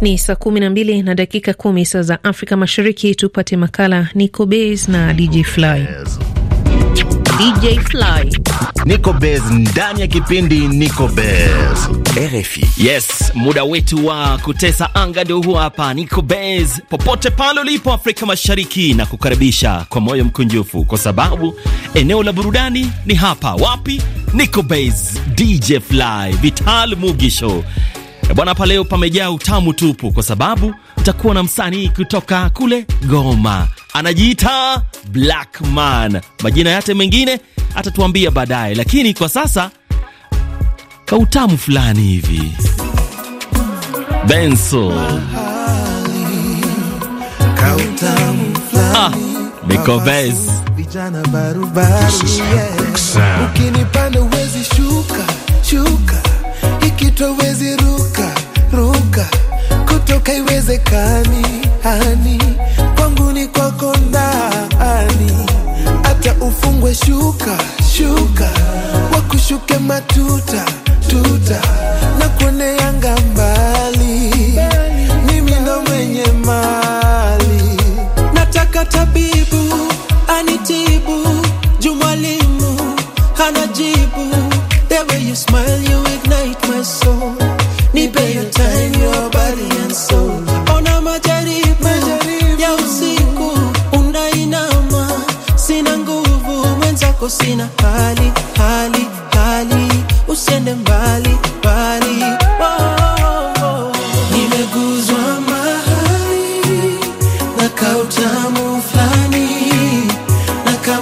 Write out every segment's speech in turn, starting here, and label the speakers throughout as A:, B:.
A: Ni saa kumi na mbili na dakika kumi saa za Afrika Mashariki. Tupate makala Nico Base na DJ Fly. DJ Fly.
B: Niko Bez ndani ya kipindi Niko Bez. RFI. Yes, muda wetu wa kutesa anga ndio huo hapa Nico Bez. Popote pale ulipo Afrika Mashariki na kukaribisha kwa moyo mkunjufu kwa sababu eneo la burudani ni hapa. Wapi? Niko Bez, DJ Fly, Vital Mugisho. Eh, bwana, hapa leo pamejaa utamu tupu, kwa sababu takuwa na msanii kutoka kule Goma anajiita Blackman. Majina yate mengine atatuambia baadaye, lakini kwa sasa kautamu fulani hivi Benso
C: ah, vijana barubaru ukinipanda uwezi shuka shuka ruka ruka kutoka iwezekani hani kwangu ni kwako ndani hata ufungwe shuka shuka wakushuke matuta tuta na kuone yangamba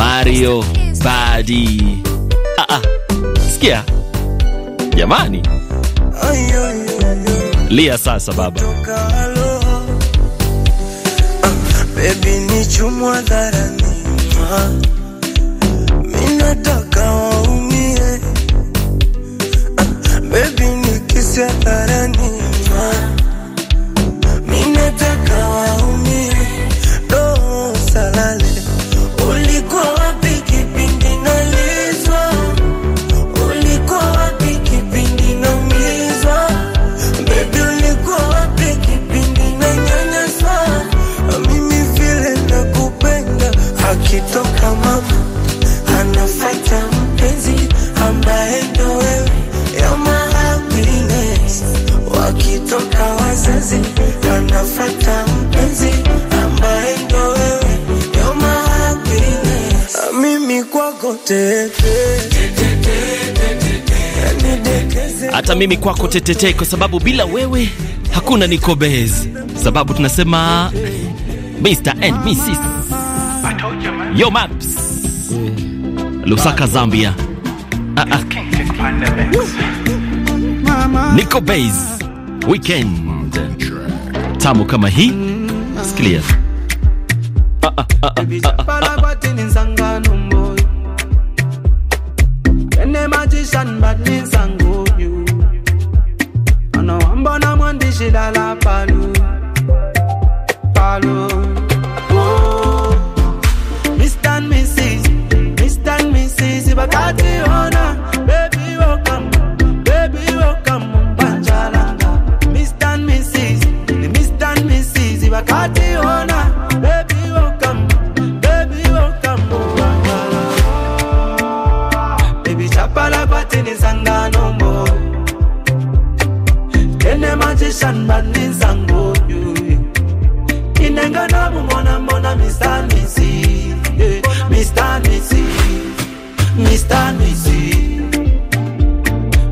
B: Mario Badi. Ah, ah. Sikia jamani, lia sasa baba
C: Baby ni chumwa dharani ma Minataka waumie Baby ni kisi dharani ma mama mpenzi ambaye ndo wewe Wakitoka wazazi mpenzi ambaye
B: ndo wewe Mimi kwako tete hata mimi kwako tetetee, kwa sababu bila wewe hakuna niko Bez, sababu tunasema Mr. and Mrs. Yo Maps. Lusaka, Zambia. Ah, ah. Nico Base Weekend. Tamu kama hii. Sikilia. Ah, ah, ah, ah, ah.
C: shanbani zangu inengana mumona mona Mr. Missy Mr. Missy Mr. Missy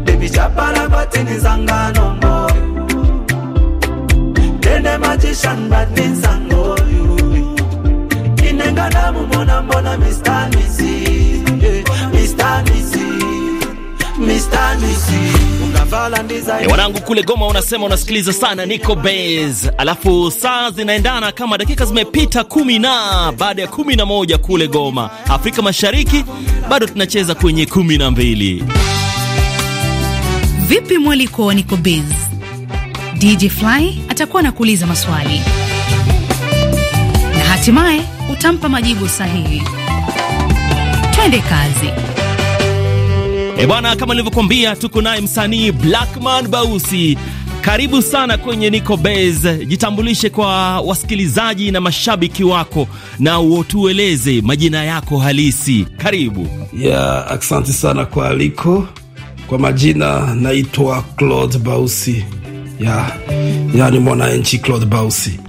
C: Baby chapala batini zanga Then Nene magician batini zango Inengana mumona mona Mr. Missy yeah. Mr. Missy Mr. Missy Eh, wanangu
B: kule Goma unasema unasikiliza sana Nico bas alafu saa zinaendana kama dakika zimepita kumi na baada ya kumi na moja kule Goma, Afrika Mashariki, bado tunacheza kwenye kumi na mbili.
A: Vipi mwaliko wa Nico Base? DJ Fly atakuwa anakuuliza maswali na hatimaye utampa majibu sahihi. Twende kazi.
B: E bwana, kama nilivyokuambia, tuko naye msanii Blackman Bausi. Karibu sana kwenye Niko Base. Jitambulishe kwa wasikilizaji na mashabiki wako na utueleze majina yako halisi. Karibu.
D: Yeah, asante sana kwa aliko. Kwa majina naitwa Claude Bausi. Yeah. Yaani mwananchi Claude Bausi.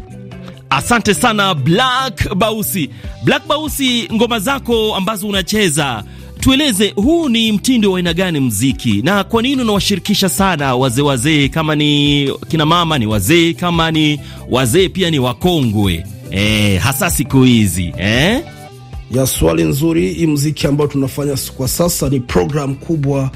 D: Asante sana Black
B: Bausi. Black Bausi, ngoma zako ambazo unacheza tueleze huu ni mtindo wa aina gani mziki, na kwa nini unawashirikisha sana wazee wazee? Kama ni kina mama ni wazee, kama ni wazee pia ni wakongwe e, hasa
D: siku hizi e? ya swali nzuri. Hii mziki ambayo tunafanya kwa sasa ni program kubwa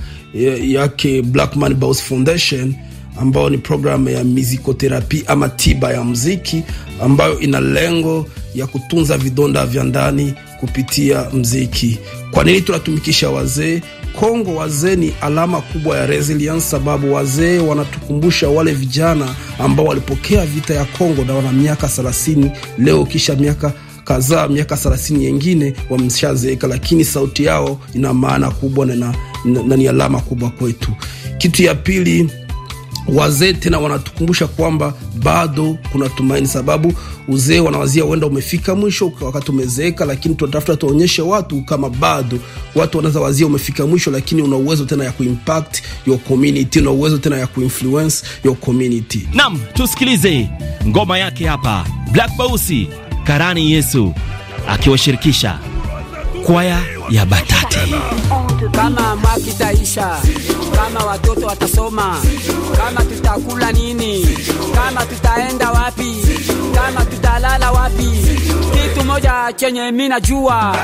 D: yake Black Man Foundation ambayo ni programu ya mizikotherapi ama tiba ya mziki ambayo ina lengo ya kutunza vidonda vya ndani kupitia mziki. Kwa nini tunatumikisha wazee? Kongo, wazee ni alama kubwa ya resilience, sababu wazee wanatukumbusha wale vijana ambao walipokea vita ya Kongo na wana miaka 30 leo, kisha miaka kadhaa, miaka 30 yengine wameshazeeka, lakini sauti yao ina maana kubwa na, na, na ni alama kubwa kwetu. Kitu ya pili wazee tena wanatukumbusha kwamba bado kuna tumaini, sababu uzee wanawazia uenda umefika mwisho wakati umezeeka, lakini tunatafuta tuonyeshe watu kama bado watu wanaweza wazia umefika mwisho, lakini una uwezo tena ya kuimpact your community, una uwezo tena ya kuinfluence your community.
B: Nam, tusikilize ngoma yake hapa, Black Bausi Karani Yesu akiwashirikisha kwaya ya Batati.
C: Kama mwaki taisha kama watoto watasoma, kama tutakula nini, kama tutaenda wapi, kama tutalala wapi, kitu moja chenye mimi najua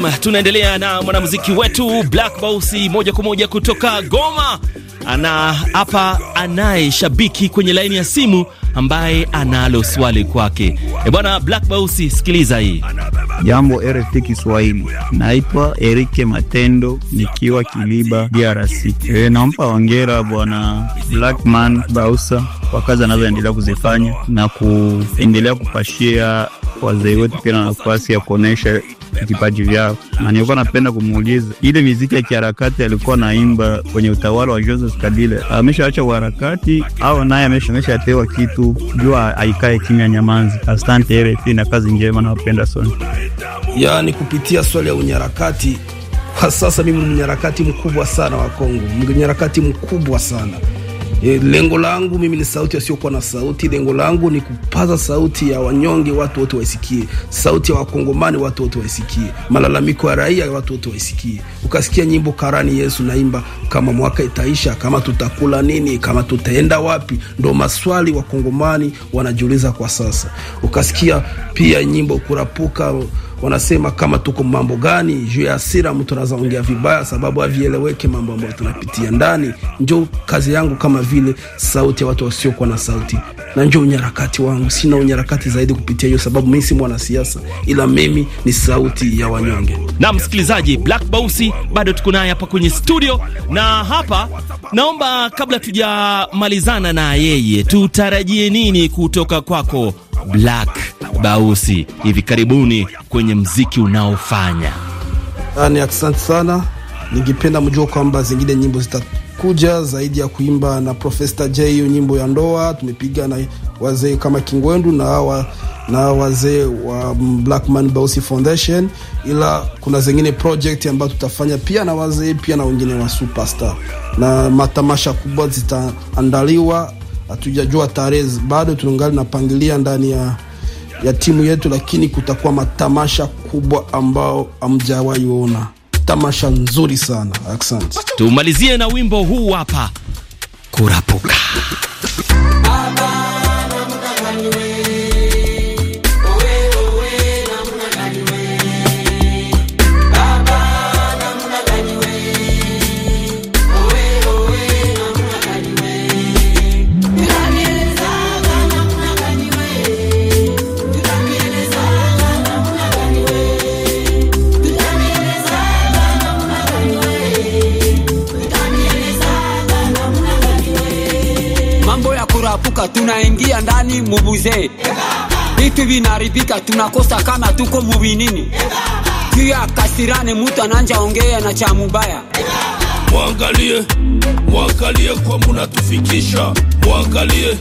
B: Nam, tunaendelea na mwanamuziki wetu Black Bosi moja kwa moja kutoka Goma. Ana hapa anaye shabiki kwenye laini ya simu ambaye analo swali kwake. E bwana Black Bausi, sikiliza hii. Jambo RFI Kiswahili, naitwa Erike Matendo nikiwa Kiliba DRC. E, nampa wangera bwana Blackman Bausa kwa kazi anazoendelea kuzifanya na kuendelea kupashia wazee wetu pia na nafasi ya kuonyesha vipaji vyao, na nilikuwa napenda kumuuliza ile miziki ya kiharakati alikuwa naimba kwenye utawala wa Joseph Kabila, ameshaacha uharakati au naye ameshatewa kitu? Jua aikae kimya, nyamanzi. Asante RFI na kazi njema, nawapenda sana.
D: Yaani kupitia swali ya unyarakati kwa sasa, mimi ni mnyarakati mkubwa sana wa Kongo, mnyarakati mkubwa sana Eh, lengo langu mimi ni sauti asiokuwa na sauti. Lengo langu ni kupaza sauti ya wanyonge, watu wote waisikie, sauti ya wakongomani, watu wote waisikie, malalamiko ya raia, watu wote waisikie. Ukasikia nyimbo karani Yesu naimba, kama mwaka itaisha, kama tutakula nini, kama tutaenda wapi, ndo maswali wakongomani wanajiuliza kwa sasa. Ukasikia pia nyimbo kurapuka wanasema kama tuko mambo gani juu ya asira mtu anaweza ongea vibaya sababu avieleweke mambo ambayo tunapitia ndani. Njo kazi yangu kama vile sauti ya watu wasiokuwa na sauti, na njo unyarakati wangu. Sina unyarakati zaidi kupitia hiyo, sababu mimi si mwanasiasa, ila mimi ni sauti ya wanyonge. Na msikilizaji, Black Bausi bado tuko naye hapa kwenye studio, na hapa naomba kabla
B: tujamalizana na yeye, tutarajie nini kutoka kwako Black? Bausi hivi karibuni kwenye mziki unaofanya.
D: Ni asante sana, ningependa mjua kwamba zingine nyimbo zitakuja zaidi ya kuimba na Profesa J, hiyo nyimbo ya ndoa tumepiga na wazee kama Kingwendu na hawa na wazee wa Black Man Bausi Foundation, ila kuna zingine project ambazo tutafanya pia na wazee pia na wengine wa superstar, na matamasha kubwa zitaandaliwa. Hatujajua tarehe bado, tunangali napangilia ndani ya ya timu yetu, lakini kutakuwa matamasha kubwa ambao hamjawahi ona, tamasha nzuri sana. Asante.
B: Tumalizie na wimbo huu hapa, kurapuka
C: ndani mubuzee vitu vinaribika tunakosa kama tuko mubinini juu ya mutu ananja ongea na cha mubaya
D: mwangalie mwangalie kwa munatufikisha mwangalie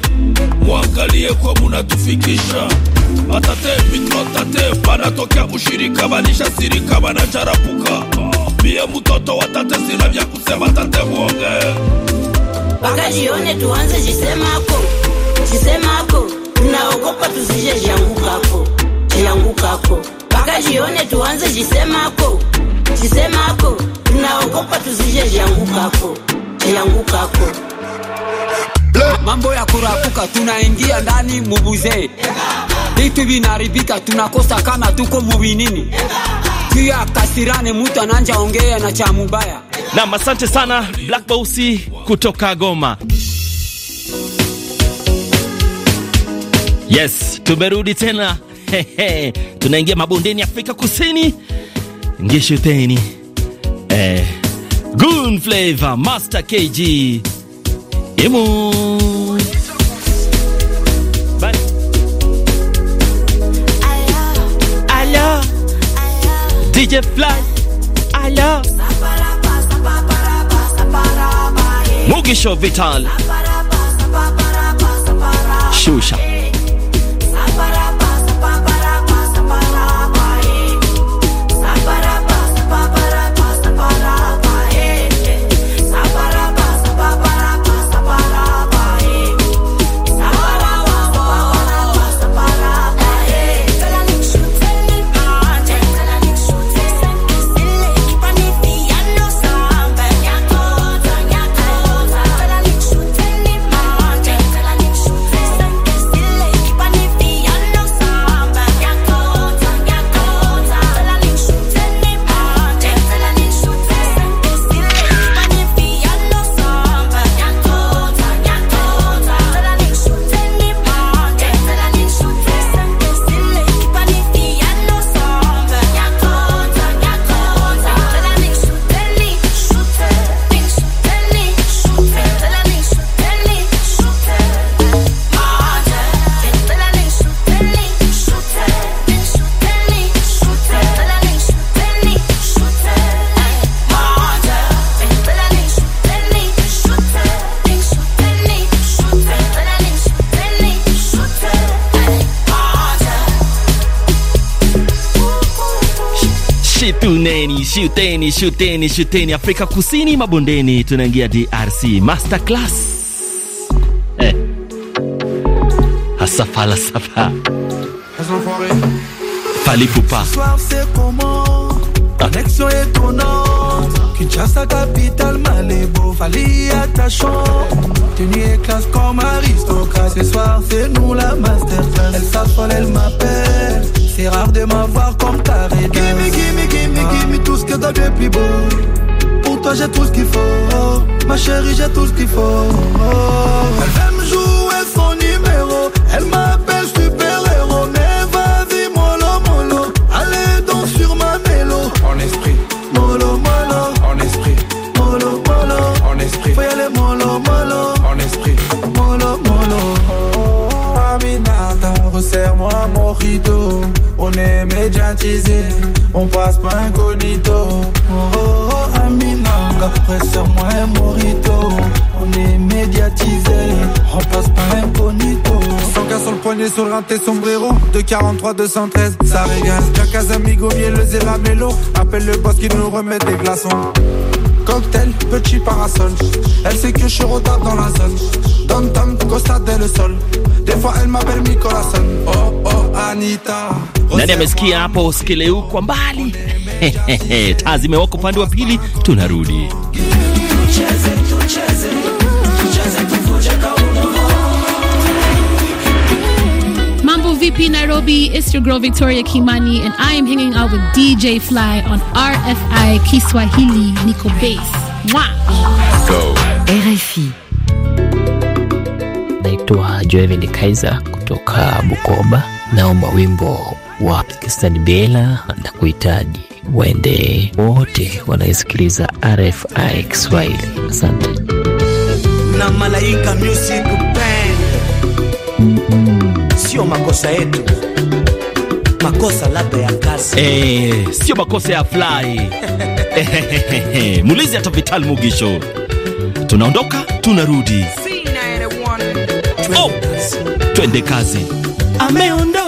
D: mwangalie kwa munatufikisha atate mitro atate vanatokea ushirika vanishasirika vanacharapuka mie mtoto watate sina vya kusema tate mwonge
C: paka jione tuanze jisemako chisemako tunaogopa tusije jiangukako jiangukako mpaka jione tuanze chisemako chisemako tunaogopa tusije jiangukako jiangukako mambo ya kurapuka tunaingia ndani mubuzee vitu vinaribika tunakosa kama tuko mubinini pia kasirani mutu ananja
B: ongea na cha mubaya nam asante sana black bausi kutoka goma Yes, tumerudi tena. Tunaingia mabondeni Afrika Kusini. Ngishu teni. Eh. Goon Flavor Master KG. Emo. DJ Fly Alo Mugisho Vital Shusha shuteni, shuteni, shuteni. Afrika Kusini mabondeni, tunaingia DRC masterclass eh. Asafa la safa Falipupa
C: Kinshasa Fali attachant classe comme aristocrate Ce soir c'est nous la masterclass Elle s'affole, elle m'appelle C'est rare de m'avoir comme ta Gimme, gimme, gimme, ah. gimme tout ce que t'as de plus beau. Pour toi, j'ai tout ce qu'il faut. Ma chérie, j'ai tout ce qu'il faut. Elle me jouer son numéro. Elle m'a on passe pas incognito. Oh, oh, oh après presseur moi un morito. On est médiatisé, on passe pas incognito. 100 cas sur le poignet, sur le rinté, sombrero. De 43,
A: 213, ça régale. Jacques amigo, le zéla Appelle le boss qui nous remet des
C: glaçons. Cocktail, petit parasol. Elle sait que je suis retard dans la zone. Dom Tom, dès le sol. Des fois elle m'appelle Micolason Oh oh Anita.
B: Nani amesikia hapo? Sikileu kwa mbali, taa zimewaka upande wa pili, tunarudi
A: Vipi Nairobi, it's your girl Victoria Kimani and I am hanging out with DJ Fly on RFI Kiswahili Niko Base. Mwa. Go. RFI.
B: Naitwa Joeven Kaiser kutoka Bukoba. Naomba wimbo wa Pakistan bila na kuhitaji waende wote wanaisikiliza RFI Kiswahili. Asante
C: na Malaika Music Band. Sio makosa yetu,
B: makosa labda ya kazi eh, sio makosa ya fly mulizi hata Vital Mugisho. Tunaondoka, tunarudi, oh, twende kazi,
C: ameondoka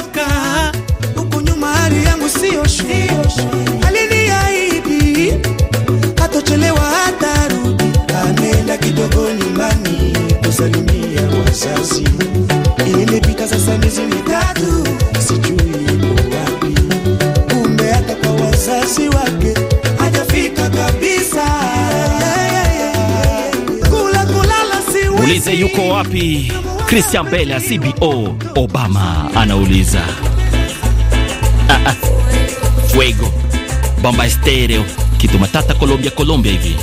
C: Nenda kidogo nyumbani kusalimia wazazi. Imepita sasa miezi mitatu, sijui yuko wapi. Kumbe hata kwa wazazi wake hajafika
A: kabisa. Kula kulala, siwezi.
B: ulize yuko wapi. Christian Bella CBO Obama anauliza ah, ah. Fuego Bamba Stereo kitu matata Colombia Colombia hivi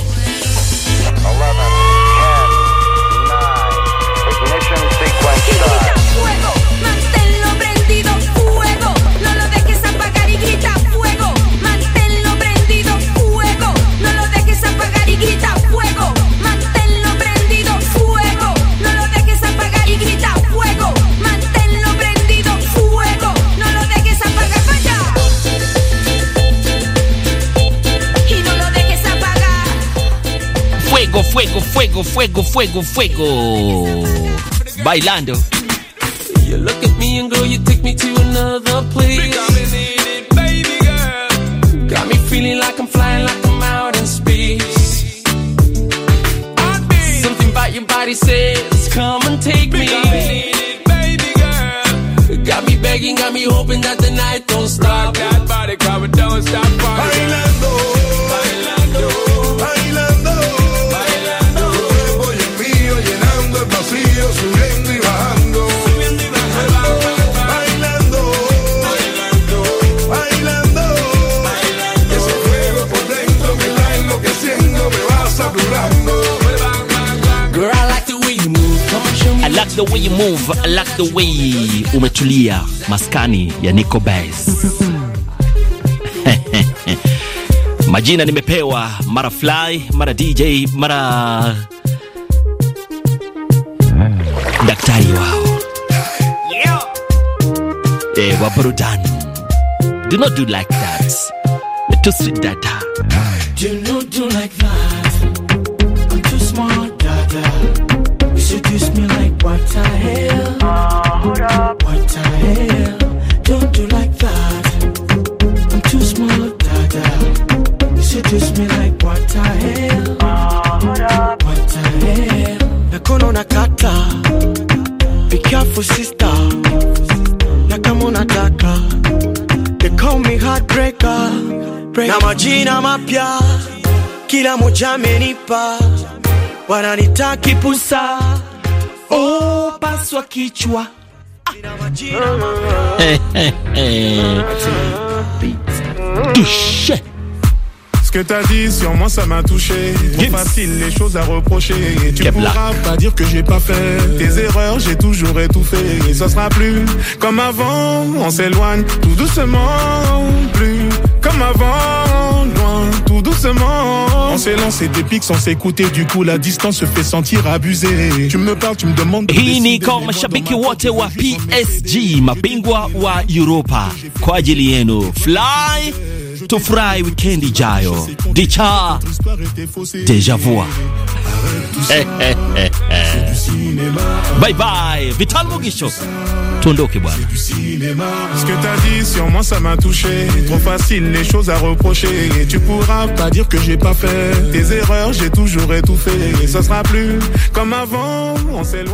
B: fuego, fuego, fuego. Bailando. You look at me and girl, you take me to another
C: place. It, baby girl. Got me feeling like I'm flying, like I'm out in space. Something about your body says, come and take me. It, baby girl. Got me begging, got me hoping that the night don't stop. Rock that body, come don't stop. Bailando.
B: Like the way you move, I like the way umetulia, maskani ya Nico Bass. Majina nimepewa mara fly, mara DJ, mara daktari wao, yeah. Eh, wa burudani. Do not do like that. You're too sweet dada. Do
C: not do like that. I'm too smart dada. Kiss me like what the hell? Uh, hold up. What the hell? Don't do like that. I'm too small, dada. You seduce me like what the hell? Uh, hold up. What the hell? Nakono nakata. Be careful, sister. Nakamo nataka. They call me heartbreaker. Break. Na majina mapya kila moja amenipa, wananitaki Oh, qui kichwa
D: Touché ce que t'as dit sur moi ça m'a touché Trop facile les choses à reprocher tu ne pourras pas dire que j'ai pas fait Tes erreurs j'ai toujours étouffé Et ça sera plus comme avant On s'éloigne tout doucement Plus comme avant Loin tout doucement s'est lancé des pics sans s'écouter, du coup la distance se fait sentir abusée. Tu me parles, tu
B: me demandes. Hii ni kwa mashabiki wote wa PSG, mabingwa wa Europa, kwa ajili yenu fly tufurahi wikendi ijayo. Dicha deja vu. Bye bye, Vital Mugisho. Ce
A: que t'as
D: dit sur moi ça m'a touché, trop facile les choses à reprocher et tu pourras pas dire que j'ai pas fait tes
A: erreurs, j'ai toujours étouffé et ça sera plus comme avant, on s'éloigne.